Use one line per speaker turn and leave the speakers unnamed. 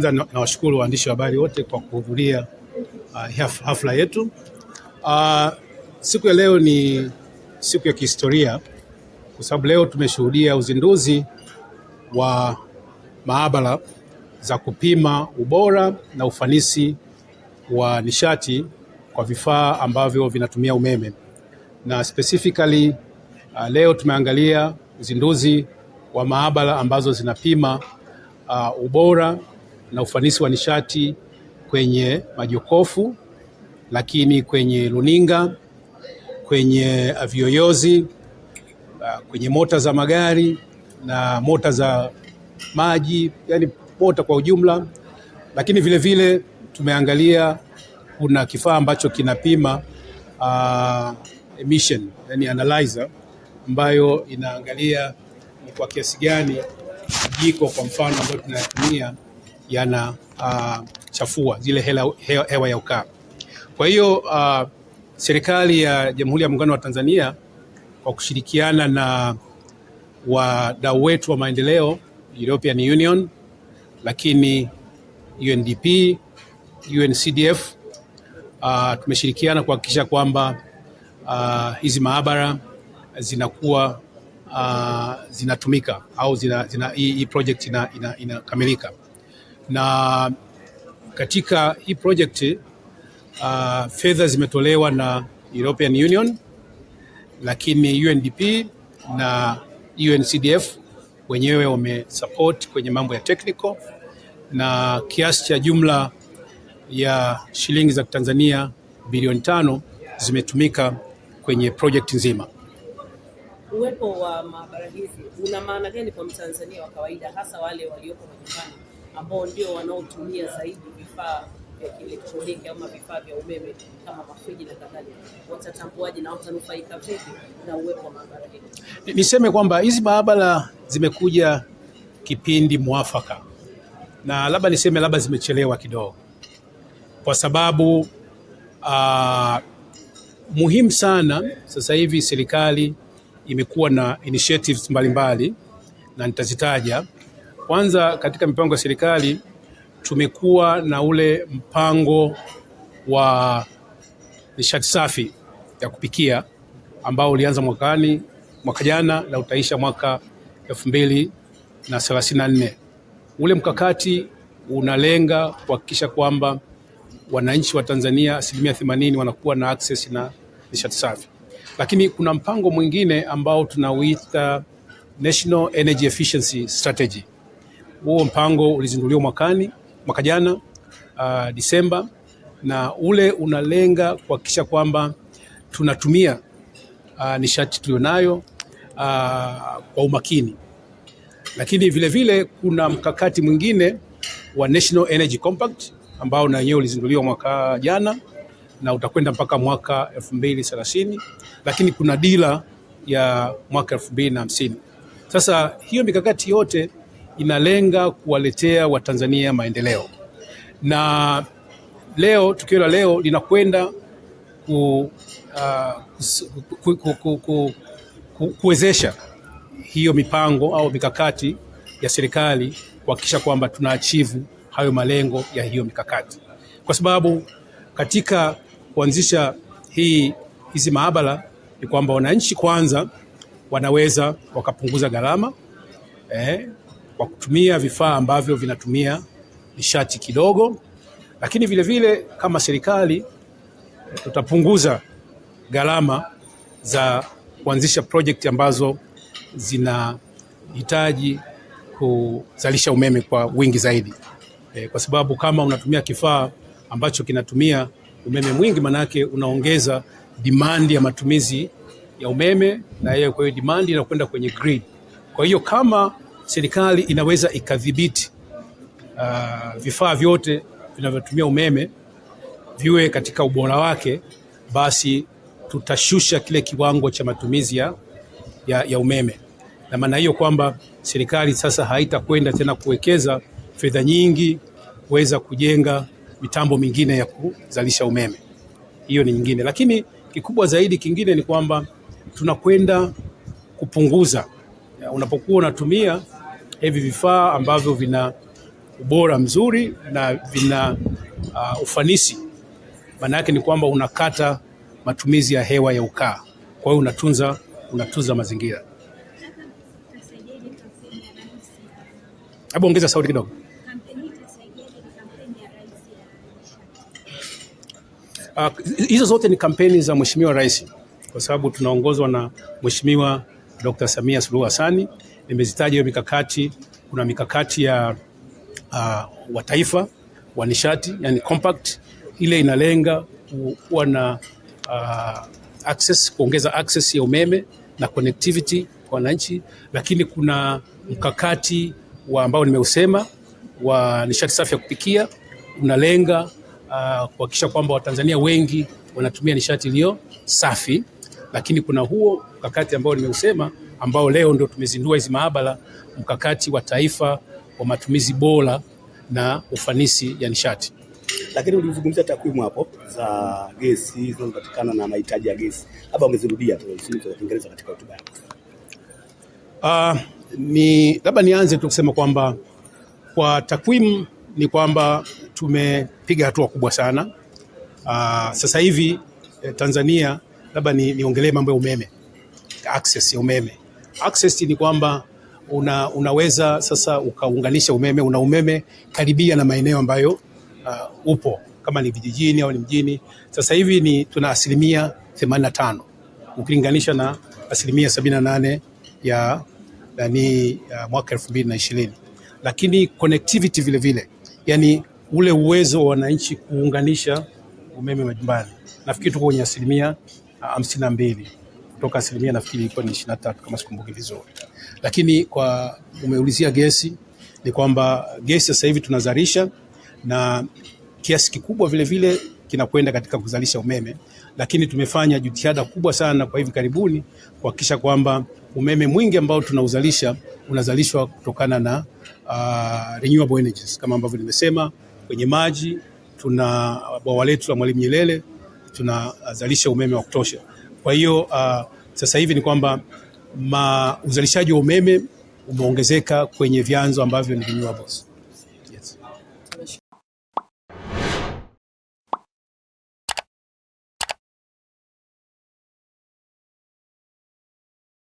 Kwanza nawashukuru waandishi wa habari wote kwa kuhudhuria uh, hafla yetu. Uh, siku ya leo ni siku ya kihistoria kwa sababu leo tumeshuhudia uzinduzi wa maabara za kupima ubora na ufanisi wa nishati kwa vifaa ambavyo vinatumia umeme na specifically uh, leo tumeangalia uzinduzi wa maabara ambazo zinapima uh, ubora na ufanisi wa nishati kwenye majokofu, lakini kwenye runinga, kwenye vyoyozi uh, kwenye mota za magari na mota za maji, yani mota kwa ujumla. Lakini vile vile tumeangalia kuna kifaa ambacho kinapima uh, emission, yani analyzer ambayo inaangalia ni kwa kiasi gani jiko kwa mfano ambayo tunayatumia yana uh, zile hela, hewa, hewa ya ukaa. Kwa hiyo uh, serikali ya Jamhuri ya Muungano wa Tanzania kwa kushirikiana na wadau wetu wa maendeleo European Union, lakini UNDP, UNCDF uh, tumeshirikiana kuhakikisha kwamba uh, hizi maabara zinakuwa uh, zinatumika au zina, zina, hii project inakamilika ina, ina na katika hii project uh, fedha zimetolewa na European Union lakini UNDP na UNCDF wenyewe wamesupport kwenye mambo ya technical na kiasi cha jumla ya shilingi za Tanzania bilioni tano zimetumika kwenye project nzima.
Uwepo wa maabara hizi una maana gani kwa Mtanzania wa kawaida hasa wale walioko majumbani ambao ndio wanaotumia zaidi vifaa vya kielektroniki ama vifaa vya umeme kama mafriji na kadhalika, watatambuaje na watanufaika vipi na uwepo wa maabara
hii? Niseme kwamba hizi maabara zimekuja kipindi mwafaka, na labda niseme labda zimechelewa kidogo, kwa sababu uh, muhimu sana sasa hivi serikali imekuwa na initiatives mbalimbali mbali, na nitazitaja kwanza, katika mipango ya serikali tumekuwa na ule mpango wa nishati safi ya kupikia ambao ulianza mwakani mwaka jana na utaisha mwaka elfu mbili na thelathini na nne. Ule mkakati unalenga kuhakikisha kwamba wananchi wa Tanzania asilimia themanini wanakuwa na access na nishati safi, lakini kuna mpango mwingine ambao tunauita National Energy Efficiency Strategy huo mpango ulizinduliwa mwakani mwaka jana uh, Disemba, na ule unalenga kuhakikisha kwamba tunatumia uh, nishati tulionayo uh, kwa umakini, lakini vilevile vile, kuna mkakati mwingine wa National Energy Compact ambao na wenyewe ulizinduliwa mwaka jana na utakwenda mpaka mwaka 2030 lakini kuna dira ya mwaka 2050. Sasa hiyo mikakati yote inalenga kuwaletea Watanzania maendeleo, na leo tukio la leo linakwenda ku, uh, ku, ku, ku, ku, ku, kuwezesha hiyo mipango au mikakati ya serikali kuhakikisha kwamba tunaachivu hayo malengo ya hiyo mikakati, kwa sababu katika kuanzisha hii hizi maabara ni kwamba wananchi kwanza wanaweza wakapunguza gharama eh, kwa kutumia vifaa ambavyo vinatumia nishati kidogo, lakini vile vile kama serikali tutapunguza gharama za kuanzisha projekti ambazo zinahitaji kuzalisha umeme kwa wingi zaidi, e, kwa sababu kama unatumia kifaa ambacho kinatumia umeme mwingi, manake unaongeza dimandi ya matumizi ya umeme na yeye, kwa hiyo demand inakwenda kwenye grid. Kwa hiyo kama serikali inaweza ikadhibiti uh, vifaa vyote vinavyotumia umeme viwe katika ubora wake, basi tutashusha kile kiwango cha matumizi ya, ya umeme, na maana hiyo kwamba serikali sasa haitakwenda tena kuwekeza fedha nyingi kuweza kujenga mitambo mingine ya kuzalisha umeme. Hiyo ni nyingine, lakini kikubwa zaidi kingine ni kwamba tunakwenda kupunguza unapokuwa unatumia hivi vifaa ambavyo vina ubora mzuri na vina uh, ufanisi. Maana yake ni kwamba unakata matumizi ya hewa ya ukaa, kwa hiyo unatunza, unatunza mazingira. Hebu ongeza sauti kidogo. Uh, hizo uh, zote ni kampeni za Mheshimiwa Rais kwa sababu tunaongozwa na Mheshimiwa Dr. Samia Suluhu Hassani nimezitaja hiyo mikakati. Kuna mikakati ya uh, wa taifa wa nishati yani compact, ile inalenga kuwa na uh, access, kuongeza access ya umeme na connectivity kwa wananchi, lakini kuna mkakati wa ambao nimeusema wa nishati safi ya kupikia unalenga uh, kuhakikisha kwamba Watanzania wengi wanatumia nishati iliyo safi, lakini kuna huo mkakati ambao nimeusema ambao leo ndio tumezindua hizi maabara, mkakati wa taifa wa matumizi bora na ufanisi ya nishati. Lakini ulizungumzia takwimu hapo za gesi zinazopatikana na mahitaji ya gesi, labda umezirudia tu kwa Kiingereza katika hotuba yako. Uh, ni labda nianze tu kusema kwamba kwa takwimu ni kwamba tumepiga hatua kubwa sana. Uh, sasa hivi eh, Tanzania labda niongelee ni mambo ya umeme, access ya umeme access ni kwamba una, unaweza sasa ukaunganisha umeme, una umeme karibia na maeneo ambayo uh, upo kama ni vijijini au ni mjini. Sasa hivi ni tuna asilimia 85 ukilinganisha na asilimia 78 ya yani ya mwaka ishirini, lakini connectivity vile vile, yani ule uwezo wa wananchi kuunganisha umeme majumbani, nafikiri tuko kwenye asilimia 52. Uh, kutoka asilimia nafikiri ilikuwa ni 23 kama sikumbuki vizuri. Lakini kwa umeulizia gesi, ni kwamba gesi sasa hivi tunazalisha na kiasi kikubwa vile vile kinakwenda katika kuzalisha umeme, lakini tumefanya jitihada kubwa sana kwa hivi karibuni kuhakikisha kwamba umeme mwingi ambao tunauzalisha unazalishwa kutokana na uh, renewable energies kama ambavyo nimesema. Kwenye maji tuna bwawa letu la Mwalimu Nyerere tunazalisha umeme wa kutosha. Kwa hiyo uh, sasa hivi ni kwamba uzalishaji wa umeme umeongezeka kwenye vyanzo ambavyo ni renewables.